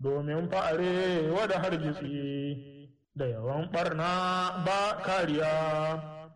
domin fa'are wada hargitsi da yawan ɓarna ba kariya.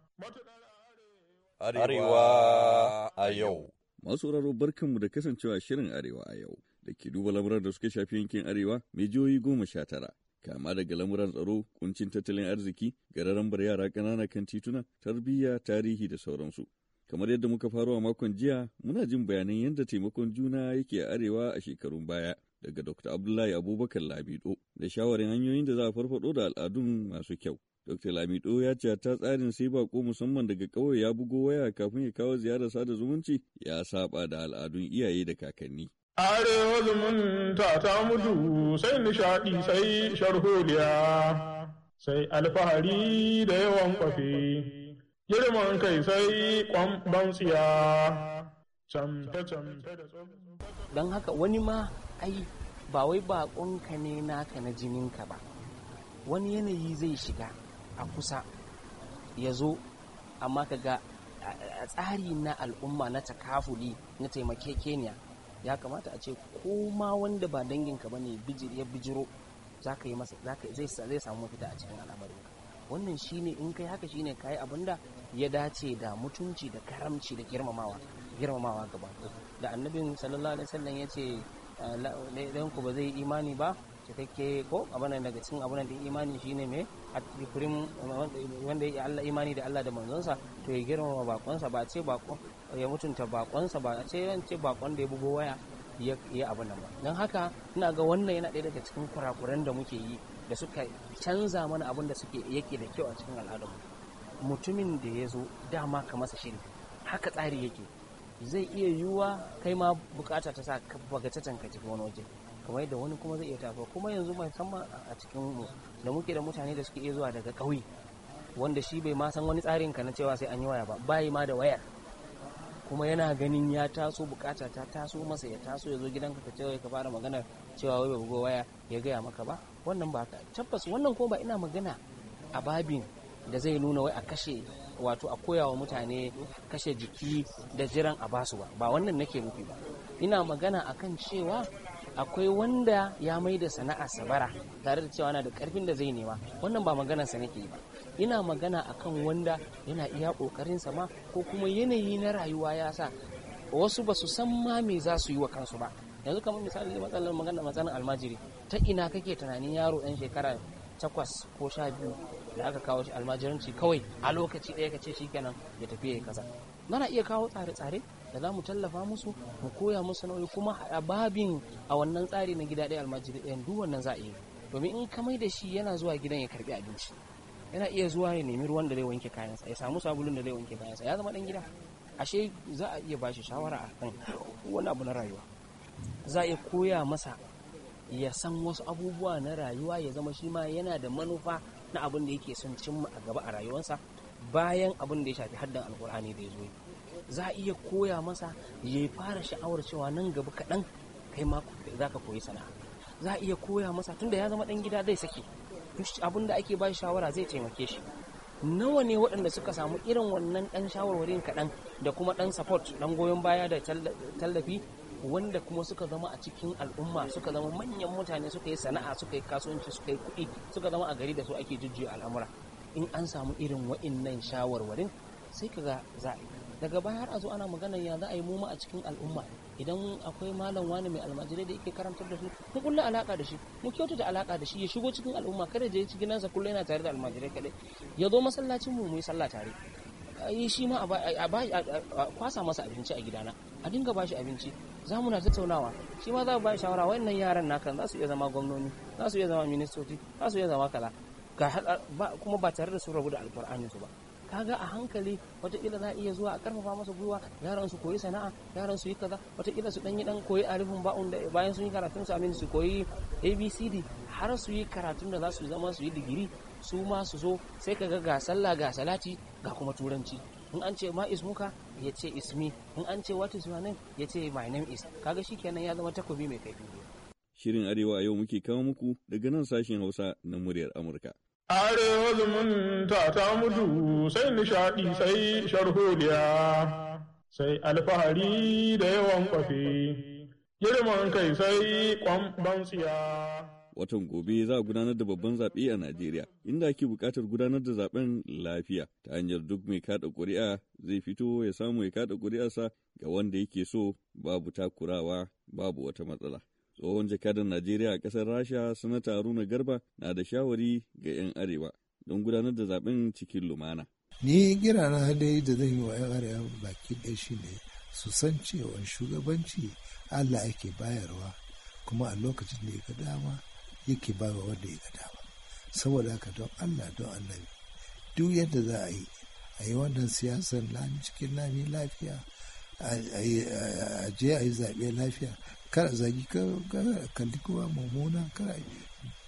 Arewa a yau Masu raro barkanmu da kasancewa shirin Arewa a yau da ke duba lamuran da suka shafi yankin Arewa mai jihohi goma sha tara. Kama daga lamuran tsaro, kuncin tattalin arziki, gararan bar yara ƙanana kan tituna, tarbiyya, tarihi da sauransu. kamar yadda muka faru a makon jiya muna jin bayanan yadda taimakon juna yake a arewa a shekarun baya daga Dr. Abdullahi Abubakar Lamido da shawarin hanyoyin da za a farfado da al'adun masu kyau. Dr. Lamido ya ce ta tsarin sai bako musamman daga kawai ya bugo waya kafin ya kawo ziyarar sada zumunci ya saba da al'adun iyaye da kakanni. Arewa zumunta ta mudu, sai nishaɗi sai sharholiya sai alfahari da yawan kwafe girman kai sai kwamban tsiya. Don haka wani ma ai ba wai baƙonka ne naka na jinin ka ba wani yanayi zai shiga a kusa ya zo amma ga a tsari na al'umma na takafuli na taimakekeniya ya kamata a ce ko wanda ba danginka ba ne ya bijiro zai samu mafita a cikin al'amarinka wannan shine in kai haka shine kayi abin da ya dace da mutunci da karamci da girmamawa girmamawa gaba da annabin sallallahu alaihi wasallam ya ce ɗayan ba zai imani ba cikakke ko abin daga cikin abin da imani shine me a wanda ya Allah imani da Allah da manzonsa to ya girmama bakonsa ba ce bakon ya mutunta bakonsa ba ce yan ce bakon da ya bugo waya ya yi abin ba don haka ina ga wannan yana ɗaya daga cikin kurakuran da muke yi da suka canza mana abun da suke yake da kyau a cikin al'adun mutumin da ya zo dama ka masa shiri haka tsari yake zai iya yiwuwa kai ma bukata ta sa bagatatan ka tafi wani waje kamar yadda wani kuma zai iya tafi kuma yanzu mai musamman a cikin mu da muke da mutane da suke iya zuwa daga ƙauye wanda shi bai ma san wani tsarin ka na cewa sai an yi waya ba bayi ma da waya. kuma yana ganin ya taso bukata ta taso masa ya taso ya zo gidanka ka ce ka fara magana cewa wai ba bugo waya ya gaya maka ba wannan ba tabbas wannan ko ba ina magana a babin da zai nuna wai a kashe wato a koya wa mutane kashe jiki da jiran a basu ba ba wannan nake nufi ba ina magana akan cewa akwai wanda ya mai da sana'a sabara tare da cewa na da karfin da zai nema wannan ba maganar sa nake ba ina magana akan wanda yana iya kokarin sama ko kuma yanayi na rayuwa ya sa wasu ba su san ma me za su yi wa kansu ba yanzu kamar misali matsalar magana matsalar almajiri ta ina kake tunanin yaro ɗan shekara takwas ko sha biyu da aka kawo shi almajiranci kawai a lokaci ɗaya ka ce shi kenan ya tafi ya yi kaza muna iya kawo tsare-tsare da za mu tallafa musu mu koya musu nauyi kuma a babin a wannan tsari na gida ɗaya almajiri ɗayan duk wannan za a yi domin in ka mai da shi yana zuwa gidan ya karbi abinci yana iya zuwa ya nemi ruwan da zai wanke kayansa ya samu sabulun da zai wanke kayansa ya zama ɗan gida ashe za a iya bashi shawara a kan wani abu na rayuwa za a iya koya masa ya san wasu abubuwa na rayuwa ya zama shi ma yana da manufa na abin da yake son cimma a gaba a rayuwarsa bayan abin da ya shafi haddan alkur'ani da ya zo za a iya koya masa ya fara sha'awar cewa nan gaba kaɗan kai ma za ka koyi sana'a za a iya koya masa tun da ya zama ɗan gida zai sake abin da ake ba shawara zai taimake shi nawa ne waɗanda suka samu irin wannan ɗan shawarwarin kaɗan da kuma ɗan support ɗan goyon baya da tallafi wanda kuma suka zama a cikin al'umma suka zama manyan mutane suka yi sana'a suka yi kasuwanci suka yi kuɗi suka zama a gari da su ake jujjuya al'amura in an samu irin wa'innan shawarwarin sai kaga za a yi daga baya har a zo ana magana ya za a yi muma a cikin al'umma idan akwai malam wani mai almajirai da yake karantar da su mu kulle alaka da shi mu kyautu da alaka da shi ya shigo cikin al'umma kada je cikin sa, kullum yana tare da almajirai kadai ya zo masallacin mu mu yi sallah tare yi shi ma a kwasa masa abinci a gidana a dinga ba shi abinci za mu na tattaunawa shi ma za mu ba shi shawara wannan yaran na naka za su iya zama gwamnoni za su iya zama ministoci za su iya zama kaza kuma ba tare da su rabu da alkur'anin su ba kaga a hankali wataƙila za a iya zuwa a karfafa masa gwiwa yaran su koyi sana'a yaran su yi kaza wataƙila su dan yi dan koyi alifin ba'un da bayan sun yi karatun su amin su koyi abcd har su yi karatun da za su zama su yi digiri su ma su zo sai kaga ga sallah ga salati ga kuma turanci in an ce ma ismuka ya ce ismi in an ce what is your name ya ce my name is kaga kenan ya zama takobi mai kaifi shirin arewa a yau muke kawo muku daga nan sashen hausa na muryar amurka Are zumunta ta mutu sai nishaɗi sai sharholiya sai alfahari da yawan kwafe, girman kai sai ƙwamban tsiya. Watan gobe za a gudanar da babban zaɓe a Najeriya, inda ake buƙatar gudanar da zaɓen lafiya ta hanyar duk mai kaɗa ƙuri'a zai fito ya samu ya kaɗa ƙuri'arsa ga wanda yake so babu takurawa babu wata matsala. tsohon jakadan Najeriya a ƙasar Rasha sanata Haruna Garba na da shawari ga 'yan arewa don gudanar da zaben cikin lumana. Ni gira na dai da zai yi wa 'yan arewa baki ɗaya shi ne su san cewa shugabanci Allah yake bayarwa kuma a lokacin da ya ga dama yake bayarwa wanda ya ga dama. Saboda haka don Allah don annabi duk yadda za a yi a yi wannan siyasar lami cikin lami lafiya a je a yi zaɓe lafiya kar a zagi kalli kuma mummuna kar a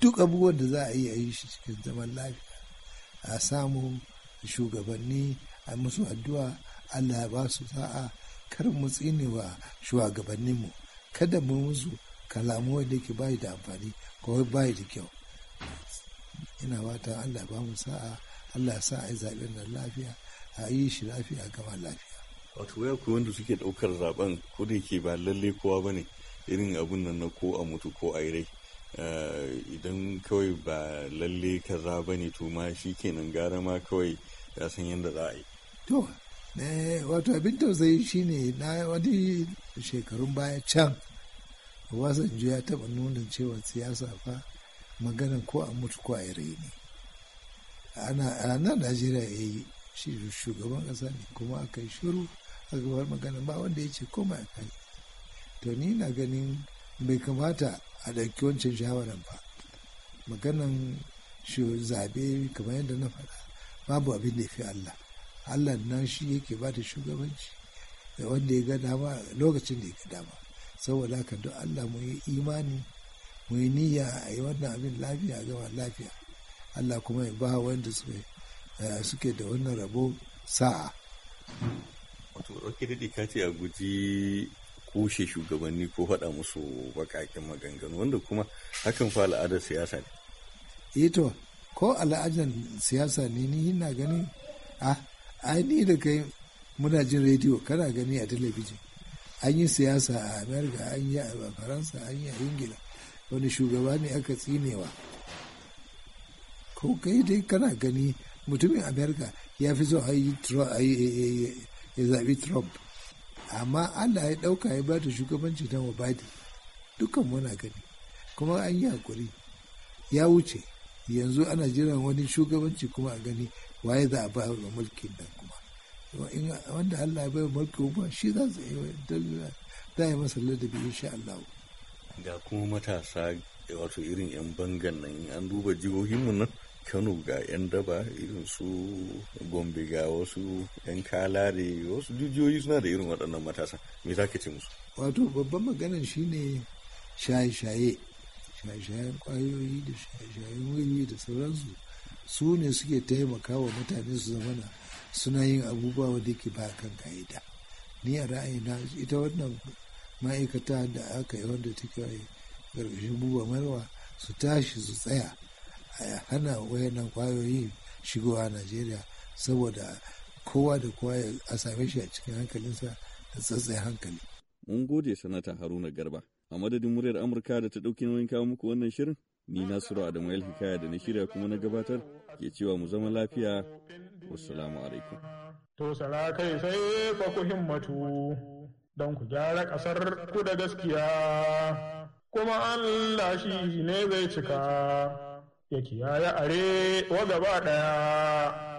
duk abubuwan da za a yi a yi shi cikin zaman lafiya a samu shugabanni a musu addu'a allah ya ba su sa'a kar mu tsine wa shugabanninmu kada mu musu kalamu wanda ke bayi da amfani ko bayi da kyau ina wata allah ba mu sa'a allah sa a yi zaɓen da lafiya a yi shi lafiya gama lafiya wato ya ku wanda suke ɗaukar zaben ko da ba lalle kowa ba ne irin abun nan na ko a mutu ko a rai eh, idan kawai ba lalle kaza ba ne to ma shi kenan gara ma kawai ya san yadda za a yi to eh, wato abin tausayi shine na wani shekarun baya can Obasanjo ya taɓa nuna cewa siyasa fa maganan ko a mutu ko a rai ne. Ana Najeriya ya yi shi shugaban kasa ne kuma aka yi shiru a magana ba wanda ya ce koma ya kai to ni na ganin bai kamata a ɗauki wancan shawaran ba maganan shi zabe kamar yadda na faɗa babu abin da fi Allah Allah nan shi yake ba da shugabanci da wanda ya ga dama lokacin da ya ga dama saboda haka duk Allah mu yi imani mu yi niyya a yi wannan abin lafiya gama lafiya Allah kuma ya ba wanda eh, suke da wannan rabo sa'a wato ɗauke daɗi ka ce a guji kushe shugabanni ko faɗa musu baƙaƙen maganganu wanda kuma hakan fa al'adar siyasa ne. Ito, eh ko al'adar siyasa ne ni na gani. a ai ni da kai muna jin rediyo kana gani a talabijin an yi siyasa a amerika an yi a faransa an yi a ingila wani shugaba ne aka tsinewa ko kai dai kana gani mutumin amerika ya fi zo a yi ya zaɓi trump amma allah ya ɗauka ya bata shugabanci na obadi dukan muna gani kuma an yi hakuri ya wuce yanzu ana jiran wani shugabanci kuma a gani waye za a ba mulkin nan kuma wanda allah ya bai mulki kuma shi za su yi masa ladabi insha allah ga kuma matasa wato irin 'yan bangan nan an duba jihohinmu nan kano ga 'yan daba irin su gombe ga wasu 'yan kalare wasu jijiyoyi suna da irin waɗannan matasa me za ka ce musu wato babban maganar shine shaye-shaye shaye-shayen kwayoyi da shaye-shayen wuri da sauransu su ne suke wa mutane su zamana suna yin abubuwa wadda ke ba kan ka'ida ni a ra'ayina ita wannan ma'aikata da aka yi wanda take ƙarƙashin buba marwa su tashi su tsaya a hana wayannan kwayoyi shigowa najeriya saboda kowa da kowa a same shi a cikin hankalinsa da tsatsai hankali mun gode sanata haruna garba a madadin muryar amurka da ta ɗauki nauyin kawo muku wannan shirin ni nasiru adamu el hikaya da na shirya kuma na gabatar ke cewa mu zama lafiya wassalamu alaikum to sala kai sai fa ku himmatu don ku gyara ƙasar ku da gaskiya kuma allah shi ne zai cika yake ya yi are wa gaba ɗaya